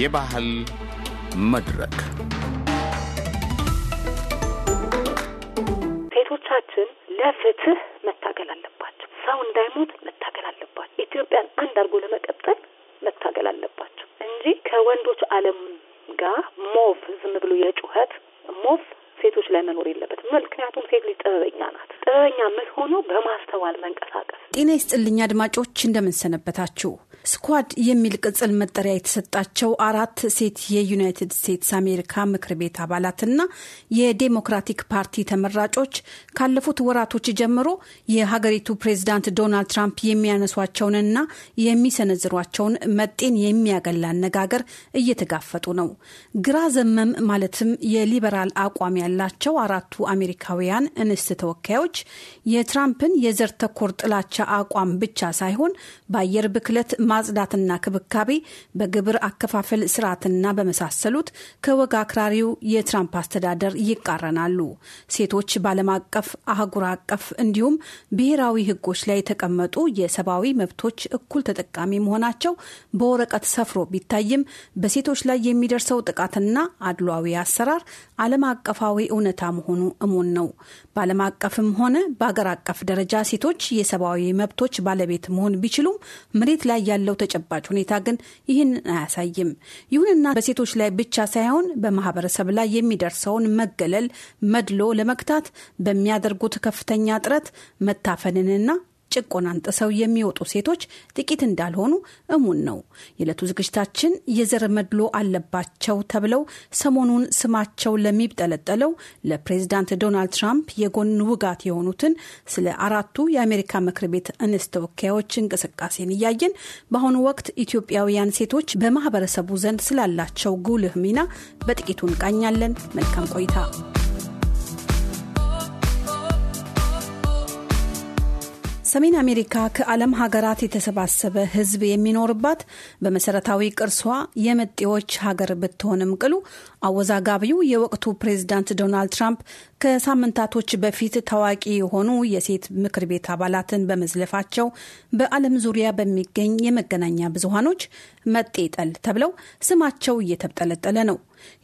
የባህል መድረክ ሴቶቻችን ለፍትህ መታገል አለባቸው። ሰው እንዳይሞት መታገል አለባቸው። ኢትዮጵያን አንድ አድርጎ ለመቀጠል መታገል አለባቸው እንጂ ከወንዶች ዓለም ጋር ሞቭ ዝም ብሎ የጩኸት ሞቭ ሴቶች ላይ መኖር የለበትም። ምክንያቱም ሴት ልጅ ጥበበኛ ናት። ጥበበኛ የምትሆነው በማስተዋል መንቀሳቀስ። ጤና ይስጥልኝ አድማጮች እንደምንሰነበታችሁ ስኳድ የሚል ቅጽል መጠሪያ የተሰጣቸው አራት ሴት የዩናይትድ ስቴትስ አሜሪካ ምክር ቤት አባላትና የዴሞክራቲክ ፓርቲ ተመራጮች ካለፉት ወራቶች ጀምሮ የሀገሪቱ ፕሬዝዳንት ዶናልድ ትራምፕ የሚያነሷቸውንና የሚሰነዝሯቸውን መጤን የሚያገላ አነጋገር እየተጋፈጡ ነው። ግራ ዘመም ማለትም የሊበራል አቋም ያላቸው አራቱ አሜሪካውያን እንስት ተወካዮች የትራምፕን የዘር ተኮር ጥላቻ አቋም ብቻ ሳይሆን በአየር ብክለት ማጽዳትና ክብካቤ፣ በግብር አከፋፈል ስርዓትና በመሳሰሉት ከወግ አክራሪው የትራምፕ አስተዳደር ይቃረናሉ። ሴቶች በዓለም አቀፍ፣ አህጉር አቀፍ እንዲሁም ብሔራዊ ህጎች ላይ የተቀመጡ የሰብአዊ መብቶች እኩል ተጠቃሚ መሆናቸው በወረቀት ሰፍሮ ቢታይም በሴቶች ላይ የሚደርሰው ጥቃትና አድሏዊ አሰራር ዓለም አቀፋዊ እውነታ መሆኑ እሙን ነው። በዓለም አቀፍም ሆነ በአገር አቀፍ ደረጃ ሴቶች የሰብአዊ መብቶች ባለቤት መሆን ቢችሉም መሬት ላይ ያለ ያለው ተጨባጭ ሁኔታ ግን ይህንን አያሳይም። ይሁንና በሴቶች ላይ ብቻ ሳይሆን በማህበረሰብ ላይ የሚደርሰውን መገለል፣ መድሎ ለመግታት በሚያደርጉት ከፍተኛ ጥረት መታፈንንና ጭቆናን ጥሰው የሚወጡ ሴቶች ጥቂት እንዳልሆኑ እሙን ነው። የዕለቱ ዝግጅታችን የዘር መድሎ አለባቸው ተብለው ሰሞኑን ስማቸው ለሚብጠለጠለው ለፕሬዚዳንት ዶናልድ ትራምፕ የጎን ውጋት የሆኑትን ስለ አራቱ የአሜሪካ ምክር ቤት እንስት ተወካዮች እንቅስቃሴን እያየን በአሁኑ ወቅት ኢትዮጵያውያን ሴቶች በማህበረሰቡ ዘንድ ስላላቸው ጉልህ ሚና በጥቂቱ እንቃኛለን። መልካም ቆይታ። ሰሜን አሜሪካ ከዓለም ሀገራት የተሰባሰበ ሕዝብ የሚኖርባት በመሰረታዊ ቅርሷ የመጤዎች ሀገር ብትሆንም ቅሉ አወዛጋቢው የወቅቱ ፕሬዚዳንት ዶናልድ ትራምፕ ከሳምንታቶች በፊት ታዋቂ የሆኑ የሴት ምክር ቤት አባላትን በመዝለፋቸው በዓለም ዙሪያ በሚገኝ የመገናኛ ብዙሃኖች መጤጠል ተብለው ስማቸው እየተብጠለጠለ ነው።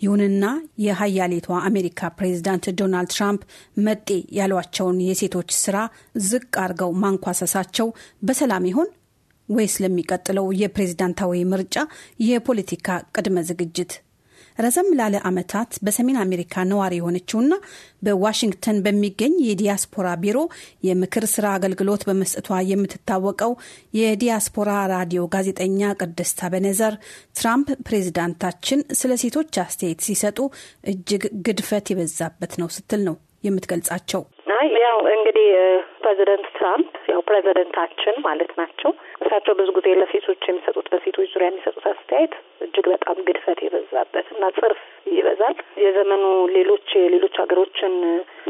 ይሁንና የሀያሌቷ አሜሪካ ፕሬዚዳንት ዶናልድ ትራምፕ መጤ ያሏቸውን የሴቶች ስራ ዝቅ አድርገው ማንኳሰሳቸው በሰላም ይሆን ወይስ ለሚቀጥለው የፕሬዝዳንታዊ ምርጫ የፖለቲካ ቅድመ ዝግጅት ረዘም ላለ ዓመታት በሰሜን አሜሪካ ነዋሪ የሆነችውና በዋሽንግተን በሚገኝ የዲያስፖራ ቢሮ የምክር ስራ አገልግሎት በመስጠቷ የምትታወቀው የዲያስፖራ ራዲዮ ጋዜጠኛ ቅድስት አበነዘር ትራምፕ ፕሬዚዳንታችን ስለ ሴቶች አስተያየት ሲሰጡ እጅግ ግድፈት የበዛበት ነው ስትል ነው የምትገልጻቸው። ያው እንግዲህ ፕሬዚደንት ትራምፕ ያው ፕሬዚደንታችን ማለት ናቸው። እሳቸው ብዙ ጊዜ ለሴቶች የሚሰጡት በሴቶች ዙሪያ የሚሰጡት አስተያየት እጅግ በጣም ግድፈት የበዛበት እና ጽርፍ ይበዛል። የዘመኑ ሌሎች የሌሎች ሀገሮችን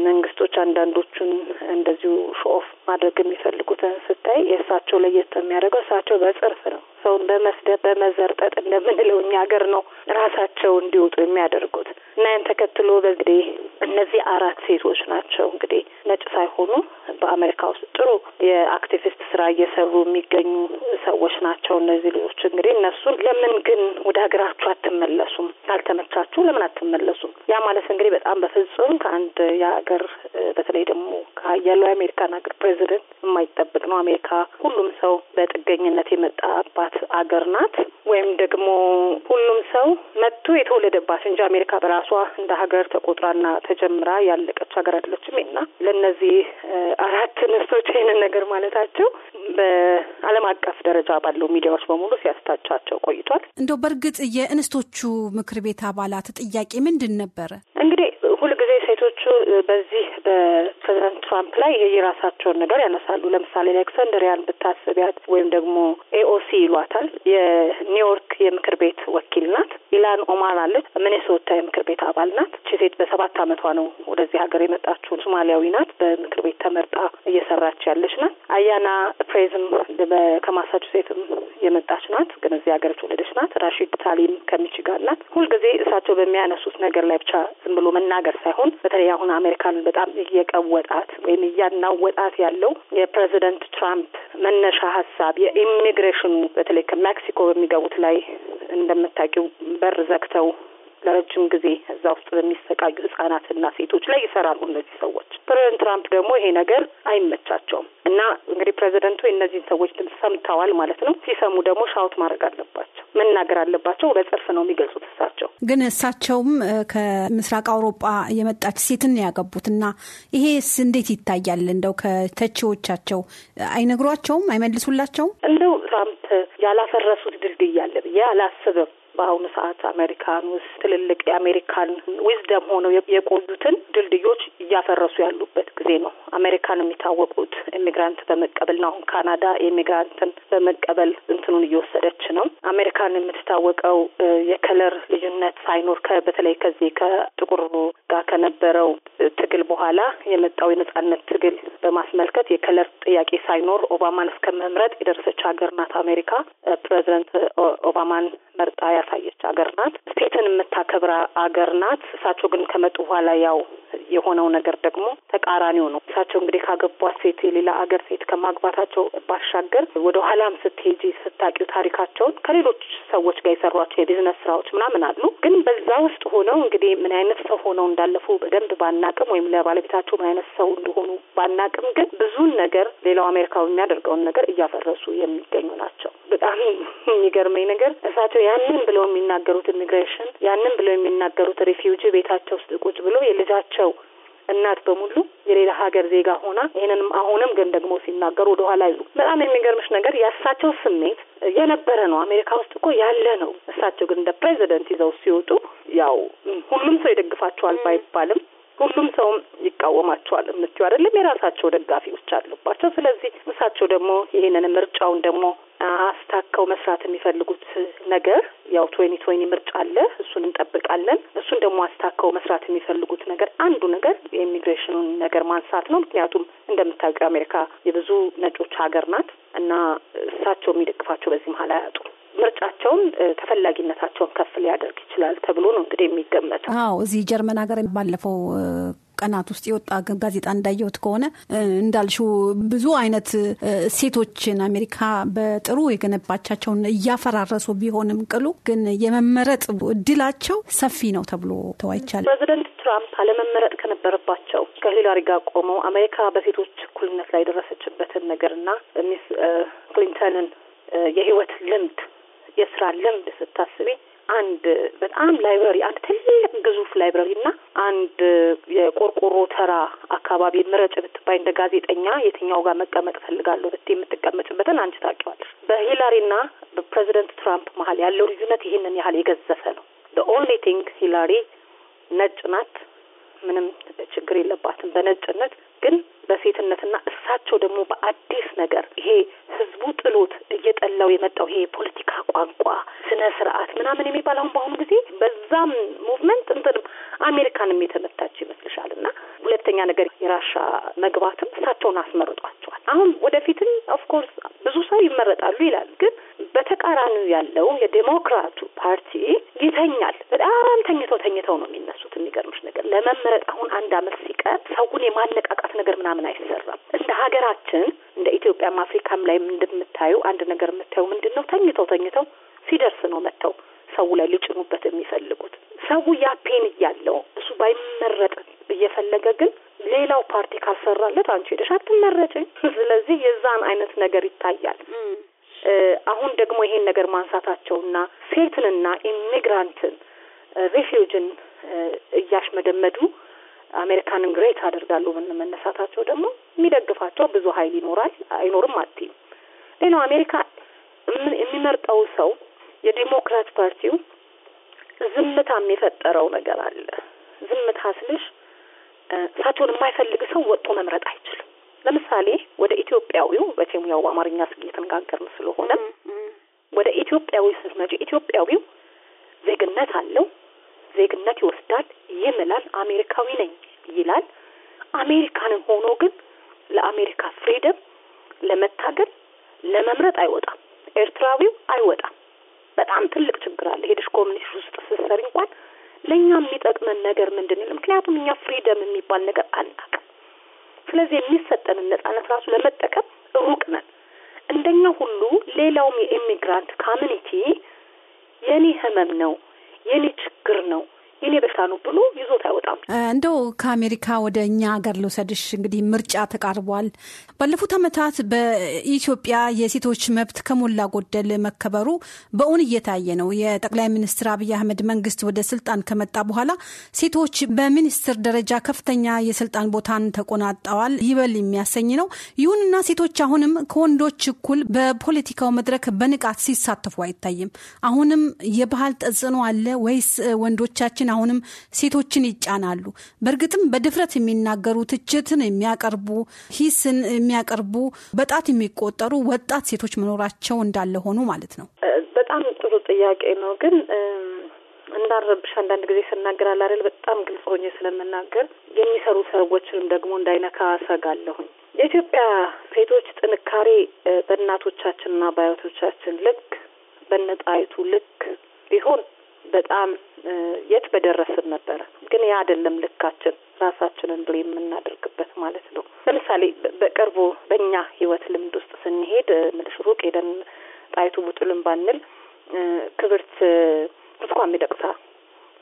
መንግስቶች አንዳንዶቹን እንደዚሁ ሾኦፍ ማድረግ የሚፈልጉትን ስታይ የእሳቸው ለየት የሚያደርገው እሳቸው በጽርፍ ነው። ሰውን በመስደብ በመዘርጠጥ እንደምንለው እኛ ሀገር ነው ራሳቸው እንዲወጡ የሚያደርጉት እና ተከትሎ በግዴ እነዚህ አራት ሴቶች ናቸው እንግዲህ ነጭ ሳይሆኑ በአሜሪካ ውስጥ ጥሩ የአክቲቪስት ስራ እየሰሩ የሚገኙ ሰዎች ናቸው። እነዚህ ልጆች እንግዲህ እነሱ ለምን ግን ወደ ሀገራችሁ አትመለሱም? ካልተመቻችሁ ለምን አትመለሱም? ያ ማለት እንግዲህ በጣም በፍጹም ከአንድ የሀገር በተለይ ደግሞ ከሀያሉ የአሜሪካን ሀገር ፕሬዚደንት የማይጠበቅ ነው። አሜሪካ ሁሉም ሰው በጥገኝነት የመጣባት አገር ናት። ወይም ደግሞ ሁሉም ሰው መጥቶ የተወለደባት እንጂ አሜሪካ በራሷ እንደ ሀገር ተቆጥራና ተጀምራ ያለቀች ሀገር አይደለችም እና ለእነዚህ አራት ነፍሶች ይህንን ነገር ማለታቸው በዓለም አቀፍ ደረጃ ባለው ሚዲያዎች በሙሉ ሲያስታቻቸው ቆይቷል። እንደው በእርግጥ የእንስቶቹ ምክር ቤት አባላት ጥያቄ ምንድን ነበረ? እንግዲህ ብዙዎቹ በዚህ በፕሬዚዳንት ትራምፕ ላይ የራሳቸውን ነገር ያነሳሉ። ለምሳሌ አሌክሳንድሪያን ብታስቢያት ወይም ደግሞ ኤኦሲ ይሏታል የኒውዮርክ የምክር ቤት ወኪል ናት። ኢላን ኦማር አለች፣ ሚኔሶታ የምክር ቤት አባል ናት። እቺ ሴት በሰባት አመቷ ነው ወደዚህ ሀገር የመጣችው። ሶማሊያዊ ናት። በምክር ቤት ተመርጣ እየሰራች ያለች ናት። አያና ፕሬዝም ከማሳቹሴትም የመጣች ናት፣ ግን እዚህ ሀገር የተወለደች ናት። ራሺድ ታሊም ከሚችጋን ናት። ሁልጊዜ እሳቸው በሚያነሱት ነገር ላይ ብቻ ዝም ብሎ መናገር ሳይሆን በተለይ አሁን አሜሪካንን በጣም እየቀወጣት ወይም እያናወጣት ያለው የፕሬዚደንት ትራምፕ መነሻ ሀሳብ የኢሚግሬሽኑ በተለይ ከሜክሲኮ በሚገቡት ላይ እንደምታውቂው በር ዘግተው ለረጅም ጊዜ እዛ ውስጥ በሚሰቃዩ ህጻናትና ሴቶች ላይ ይሰራሉ እነዚህ ሰዎች። ፕሬዚደንት ትራምፕ ደግሞ ይሄ ነገር አይመቻቸውም እና እንግዲህ ፕሬዚደንቱ የእነዚህን ሰዎች ድምጽ ሰምተዋል ማለት ነው። ሲሰሙ ደግሞ ሻውት ማድረግ አለባቸው፣ መናገር አለባቸው። በጽርፍ ነው የሚገልጹት እሳቸው። ግን እሳቸውም ከምስራቅ አውሮጳ የመጣች ሴትን ያገቡት እና ይሄስ እንዴት ይታያል? እንደው ከተቺዎቻቸው አይነግሯቸውም? አይመልሱላቸውም? እንደው ትራምፕ ያላፈረሱት ድልድይ አለ ብዬ አላስብም። በአሁኑ ሰዓት አሜሪካን ውስጥ ትልልቅ የአሜሪካን ዊዝደም ሆነው የቆዩትን ድልድዮች እያፈረሱ ያሉበት ጊዜ ነው። አሜሪካን የሚታወቁት ኢሚግራንት በመቀበል ነው። አሁን ካናዳ ኢሚግራንትን በመቀበል እንትኑን እየወሰደ አሜሪካን የምትታወቀው የከለር ልዩነት ሳይኖር በተለይ ከዚህ ከጥቁር ጋር ከነበረው ትግል በኋላ የመጣው የነጻነት ትግል በማስመልከት የከለር ጥያቄ ሳይኖር ኦባማን እስከ መምረጥ የደረሰች ሀገር ናት አሜሪካ። ፕሬዚደንት ኦባማን መርጣ ያሳየች ሀገር ናት። ሴትን የምታከብራ ሀገር ናት። እሳቸው ግን ከመጡ በኋላ ያው የሆነው ነገር ደግሞ ተቃራኒው ነው። እሳቸው እንግዲህ ካገቧት ሴት የሌላ አገር ሴት ከማግባታቸው ባሻገር ወደ ኋላም ስትሄጂ ስታቂው ታሪካቸውን ከሌሎች ሰዎች ጋር የሰሯቸው የቢዝነስ ስራዎች ምናምን አሉ። ግን በዛ ውስጥ ሆነው እንግዲህ ምን አይነት ሰው ሆነው እንዳለፉ በደንብ ባናቅም ወይም ለባለቤታቸው ምን አይነት ሰው እንደሆኑ ባናቅም፣ ግን ብዙን ነገር ሌላው አሜሪካዊ የሚያደርገውን ነገር እያፈረሱ የሚገኙ ናቸው። በጣም የሚገርመኝ ነገር እሳቸው ያንን ብለው የሚናገሩት ኢሚግሬሽን ያንን ብለው የሚናገሩት ሪፊውጂ ቤታቸው ውስጥ ቁጭ ብሎ የልጃቸው እናት በሙሉ የሌላ ሀገር ዜጋ ሆና ይህንንም አሁንም ግን ደግሞ ሲናገሩ ወደኋላ አይሉ። በጣም የሚገርምሽ ነገር ያሳቸው ስሜት የነበረ ነው። አሜሪካ ውስጥ እኮ ያለ ነው። እሳቸው ግን እንደ ፕሬዚደንት ይዘው ሲወጡ ያው ሁሉም ሰው ይደግፋቸዋል ባይባልም ሁሉም ሰውም ይቃወማቸዋል የምትዩ አይደለም። የራሳቸው ደጋፊዎች አሉባቸው። ስለዚህ እሳቸው ደግሞ ይህንን ምርጫውን ደግሞ አስታከው መስራት የሚፈልጉት ነገር ያው ቶኒ ቶኒ ምርጫ አለ፣ እሱን እንጠብቃለን። እሱን ደግሞ አስታከው መስራት የሚፈልጉት ነገር አንዱ ነገር የኢሚግሬሽኑን ነገር ማንሳት ነው። ምክንያቱም እንደምታውቀው አሜሪካ የብዙ ነጮች ሀገር ናት እና እሳቸው የሚደግፋቸው በዚህ መሀል አያጡ ምርጫቸውን ተፈላጊነታቸውን ከፍ ሊያደርግ ይችላል ተብሎ ነው እንግዲህ የሚገመተው። አዎ እዚህ ጀርመን ሀገር ባለፈው ቀናት ውስጥ የወጣ ጋዜጣ እንዳየሁት ከሆነ እንዳልሹ ብዙ አይነት ሴቶችን አሜሪካ በጥሩ የገነባቻቸውን እያፈራረሱ ቢሆንም ቅሉ ግን የመመረጥ እድላቸው ሰፊ ነው ተብሎ ተዋይቻለ። ፕሬዚደንት ትራምፕ አለመመረጥ ከነበረባቸው ከሂላሪ ጋር ቆመው አሜሪካ በሴቶች እኩልነት ላይ የደረሰችበትን ነገርና ሚስ ክሊንተንን የህይወት ልምድ የስራ ልምድ ስታስቢ አንድ በጣም ላይብረሪ አንድ ትልቅ ግዙፍ ላይብረሪ እና አንድ የቆርቆሮ ተራ አካባቢ ምረጭ ብትባይ እንደ ጋዜጠኛ የትኛው ጋር መቀመጥ ፈልጋለሁ ብትይ የምትቀመጭበትን አንቺ ታውቂዋለሽ። በሂላሪና በፕሬዚደንት ትራምፕ መሀል ያለው ልዩነት ይህንን ያህል የገዘፈ ነው። ኦንሊ ቲንግ ሂላሪ ነጭ ናት፣ ምንም ችግር የለባትም በነጭነት ግን በሴትነትና እሳቸው ደግሞ በአዲስ ነገር ይሄ ህዝቡ ጥሎት እየጠላው የመጣው ይሄ የፖለቲካ ቋንቋ ስነ ስርዓት ምናምን የሚባል አሁን በአሁኑ ጊዜ በዛም ሙቭመንት እንትን አሜሪካንም የተመታች ይመስልሻል። እና ሁለተኛ ነገር የራሻ መግባትም እሳቸውን አስመርጧቸዋል። አሁን ወደፊትም ኦፍኮርስ ብዙ ሰው ይመረጣሉ ይላል፣ ግን በተቃራኒው ያለው የዴሞክራቱ ፓርቲ ይተኛል። በጣም ተኝተው ተኝተው ነው የሚነሱት። የሚገርምሽ ነገር ለመመረጥ አሁን አንድ አመት ሲቀር ሰውን የማነቃቃት ነገር ምናምን አይሰራም። እንደ ሀገራችን እንደ ኢትዮጵያም አፍሪካም ላይ እንደምታዩ አንድ ነገር የምታዩ ምንድን ነው ተኝተው ተኝተው ሲደርስ ነው መጥተው ሰው ላይ ሊጭኑበት የሚፈልጉ ሰው ያፔን እያለው እሱ ባይመረጥ እየፈለገ ግን ሌላው ፓርቲ ካልሰራለት አንቺ ሄደሽ አትመረጭም። ስለዚህ የዛን አይነት ነገር ይታያል። አሁን ደግሞ ይሄን ነገር ማንሳታቸውና ሴትንና ኢሚግራንትን ሪፊውጅን እያሽመደመዱ አሜሪካንን ግሬት አደርጋሉ መነሳታቸው ደግሞ የሚደግፋቸው ብዙ ሀይል ይኖራል አይኖርም አትይም። ሌላው አሜሪካ የሚመርጠው ሰው የዲሞክራት ፓርቲው ዝምታም የፈጠረው ነገር አለ። ዝምታ ስልሽ እሳቸውን የማይፈልግ ሰው ወጥቶ መምረጥ አይችልም። ለምሳሌ ወደ ኢትዮጵያዊው በቼም ያው አማርኛ እየተነጋገርን ስለሆነ ወደ ኢትዮጵያዊ ስትመጪ ኢትዮጵያዊው ዜግነት አለው። ዜግነት ይወስዳል፣ ይምላል፣ አሜሪካዊ ነኝ ይላል። አሜሪካንም ሆኖ ግን ለአሜሪካ ፍሪደም ለመታገል ለመምረጥ አይወጣም። ኤርትራዊው አይወጣም። በጣም ትልቅ ችግር አለ። ሄደሽ ኮሚኒቲ ውስጥ ስትሰሪ እንኳን ለእኛ የሚጠቅመን ነገር ምንድን ነው? ምክንያቱም እኛ ፍሪደም የሚባል ነገር አናውቅም። ስለዚህ የሚሰጠንን ነጻነት ራሱ ለመጠቀም ሩቅ ነን። እንደኛ ሁሉ ሌላውም የኢሚግራንት ኮሚኒቲ የኔ ህመም ነው የኔ ችግር ነው የኔ በሽታ ነው ብሎ ይዞት አይወጣም። እንደው ከአሜሪካ ወደ እኛ ሀገር ልውሰድሽ። እንግዲህ ምርጫ ተቃርቧል። ባለፉት ዓመታት በኢትዮጵያ የሴቶች መብት ከሞላ ጎደል መከበሩ በእውን እየታየ ነው። የጠቅላይ ሚኒስትር አብይ አህመድ መንግስት ወደ ስልጣን ከመጣ በኋላ ሴቶች በሚኒስትር ደረጃ ከፍተኛ የስልጣን ቦታን ተቆናጠዋል። ይበል የሚያሰኝ ነው። ይሁንና ሴቶች አሁንም ከወንዶች እኩል በፖለቲካው መድረክ በንቃት ሲሳተፉ አይታይም። አሁንም የባህል ተጽዕኖ አለ ወይስ ወንዶቻችን ግን አሁንም ሴቶችን ይጫናሉ። በእርግጥም በድፍረት የሚናገሩ ትችትን የሚያቀርቡ ሂስን የሚያቀርቡ በጣት የሚቆጠሩ ወጣት ሴቶች መኖራቸው እንዳለ ሆኖ ማለት ነው። በጣም ጥሩ ጥያቄ ነው ግን እንዳረብሽ አንዳንድ ጊዜ ስናገር አላደል በጣም ግልጽ ሆኜ ስለምናገር የሚሰሩ ሰዎችንም ደግሞ እንዳይነካ አሰጋለሁኝ። የኢትዮጵያ ሴቶች ጥንካሬ በእናቶቻችንና በአያቶቻችን ልክ በነጣይቱ ልክ ቢሆን በጣም የት በደረስን ነበረ። ግን ያ አይደለም ልካችን፣ ራሳችንን ብሎ የምናደርግበት ማለት ነው። ለምሳሌ በቅርቡ በእኛ ህይወት ልምድ ውስጥ ስንሄድ ምልሽ ሩቅ ሄደን ጣይቱ ቡጡልን ባንል ክብርት ብርቱካን የሚደቅሳ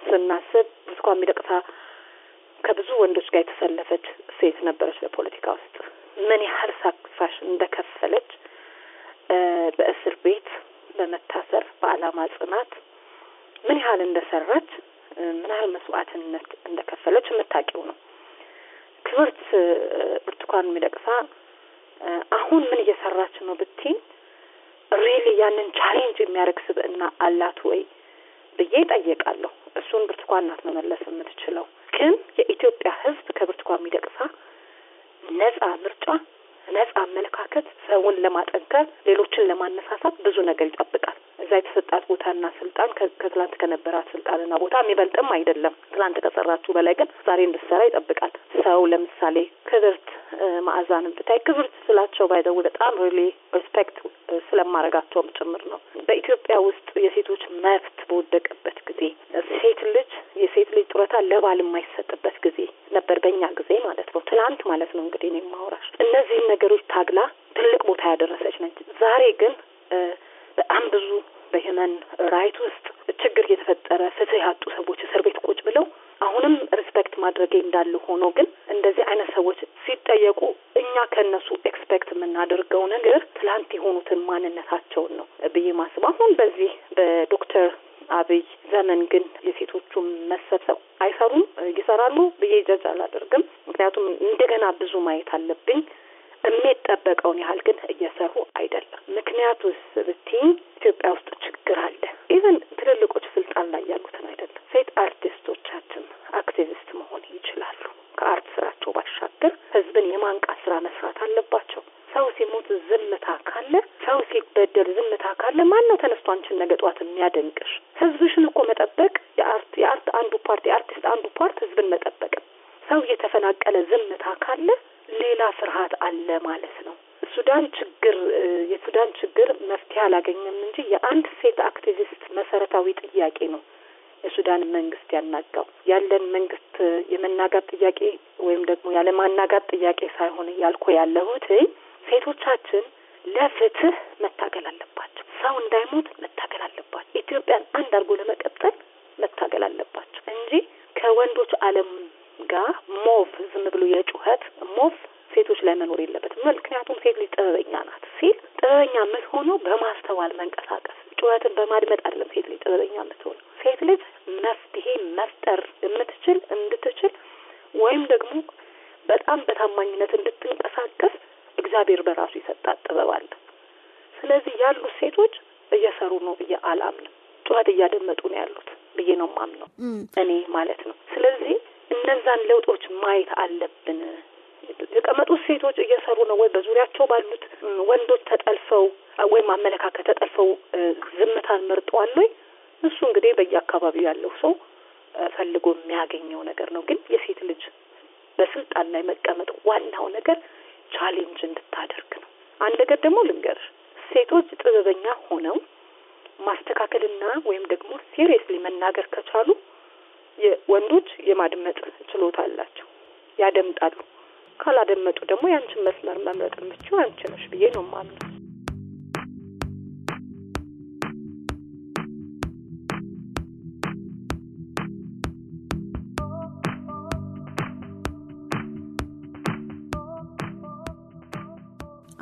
ስናስብ ብርቱካን የሚደቅሳ ከብዙ ወንዶች ጋር የተሰለፈች ሴት ነበረች። በፖለቲካ ውስጥ ምን ያህል ሳክሪፋሽ እንደከፈለች በእስር ቤት በመታሰር በአላማ ጽናት ምን ያህል እንደሰራች ምን ያህል መስዋዕትነት እንደከፈለች የምታውቂው ነው። ክብርት ብርቱካን ሚደቅሳ አሁን ምን እየሰራች ነው ብትይ ሪሊ ያንን ቻሌንጅ የሚያደርግ ስብዕና አላት ወይ ብዬ ይጠየቃለሁ። እሱን ብርቱካን ናት መመለስ የምትችለው። ግን የኢትዮጵያ ሕዝብ ከብርቱካን ሚደቅሳ ነጻ ምርጫ ነጻ አመለካከት ሰውን ለማጠንከር ሌሎችን ለማነሳሳት ብዙ ነገር ይጠብቃል። እዛ የተሰጣት ቦታና ስልጣን ከትላንት ከነበራት ስልጣንና ቦታ የሚበልጥም አይደለም። ትላንት ከሰራችሁ በላይ ግን ዛሬ እንድትሰራ ይጠብቃል። ሰው ለምሳሌ ክብርት መዓዛንም ብታይ ክብርት ስላቸው ባይደው በጣም ሪሊ ሪስፔክት ስለማረጋቸውም ጭምር ነው። በኢትዮጵያ ውስጥ የሴቶች መብት በወደቀበት ጊዜ ሴት ልጅ የሴት ልጅ ጡረታ ለባል የማይሰጥበት ጊዜ ነበር፣ በእኛ ጊዜ ማለት ነው። ትናንት ማለት ነው እንግዲህ እኔ ማውራሽ እነዚህን ነገሮች ታግላ ትልቅ ቦታ ያደረሰች ነች። ዛሬ ግን በጣም ብዙ በሂውመን ራይት ውስጥ ችግር እየተፈጠረ ፍትህ ያጡ ሰዎች እስር ቤት ቁጭ ብለው አሁንም ሪስፔክት ማድረግ እንዳለ ሆኖ ግን እንደዚህ አይነት ሰዎች ሲጠየቁ እኛ ከነሱ ኤክስፔክት የምናደርገው ነገር ትላንት የሆኑትን ማንነታቸውን ነው ብዬ ማስብ። አሁን በዚህ በዶክተር አብይ ዘመን ግን የሴቶቹ መሰብሰብ አይሰሩም ይሰራሉ ብዬ ጀጅ አላደርግም። ምክንያቱም እንደገና ብዙ ማየት አለብኝ። የሚጠበቀውን ያህል ግን እየሰሩ አይደለም። ምክንያቱስ ብቲ ኢትዮጵያ ውስጥ የሚያደንቅሽ ህዝብሽን እኮ መጠበቅ የአርት የአርት አንዱ ፓርት የአርቲስት አንዱ ፓርት ህዝብን መጠበቅ ሰው እየተፈናቀለ ዝምታ ካለ ሌላ ፍርሃት አለ ማለት ነው። ሱዳን ችግር የሱዳን ችግር መፍትሄ አላገኘም እንጂ የአንድ ሴት አክቲቪስት መሰረታዊ ጥያቄ ነው የሱዳን መንግስት ያናጋው። ያለን መንግስት የመናጋት ጥያቄ ወይም ደግሞ ያለማናጋት ጥያቄ ሳይሆን እያልኩ ያለሁት ሴቶቻችን ለፍትህ መታገል አለባቸው። ሰው እንዳይሞት መታገል አለባቸው። ኢትዮጵያን አንድ አድርጎ ለመቀጠል መታገል አለባቸው እንጂ ከወንዶች ዓለም ጋር ሞቭ ዝም ብሎ የጩኸት ሞቭ ሴቶች ላይ መኖር የለበትም። ምክንያቱም ሴት ልጅ ጥበበኛ ናት ሲል ጥበበኛ የምትሆነው በማስተዋል መንቀሳቀስ ጩኸትን በማድመጥ አይደለም። ሴት ልጅ ጥበበኛ የምትሆነው ሴት ልጅ መፍትሄ መፍጠር የምትችል እንድትችል ወይም ደግሞ በጣም በታማኝነት እንድትንቀሳቀስ እግዚአብሔር በራሱ ስለዚህ ያሉት ሴቶች እየሰሩ ነው ብዬ አላምንም። ጩኸት እያደመጡ ነው ያሉት ብዬ ነው ማምነው እኔ ማለት ነው። ስለዚህ እነዛን ለውጦች ማየት አለብን። የተቀመጡት ሴቶች እየሰሩ ነው ወይ? በዙሪያቸው ባሉት ወንዶች ተጠልፈው ወይም አመለካከት ተጠልፈው ዝምታን መርጠዋል ወይ? እሱ እንግዲህ በየአካባቢው ያለው ሰው ፈልጎ የሚያገኘው ነገር ነው። ግን የሴት ልጅ በስልጣን ላይ መቀመጥ ዋናው ነገር ቻሌንጅ እንድታደርግ ነው። አንድ ነገር ደግሞ ልንገርሽ ሴቶች ጥበበኛ ሆነው ማስተካከልና ወይም ደግሞ ሲሪየስሊ መናገር ከቻሉ ወንዶች የማድመጥ ችሎታ አላቸው፣ ያደምጣሉ። ካላደመጡ ደግሞ ያንችን መስመር መምረጥ የምችው አንቺ ነሽ ብዬ ነው የማምነው።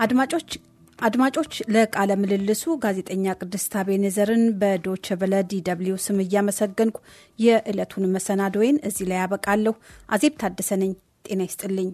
አድማጮች አድማጮች ለቃለ ምልልሱ ጋዜጠኛ ቅድስት አቤኔዘርን በዶች ቨለ ዲደብሊው ስም እያመሰገንኩ የዕለቱን መሰናዶዬን እዚህ ላይ ያበቃለሁ። አዜብ ታደሰ ነኝ። ጤና ይስጥልኝ።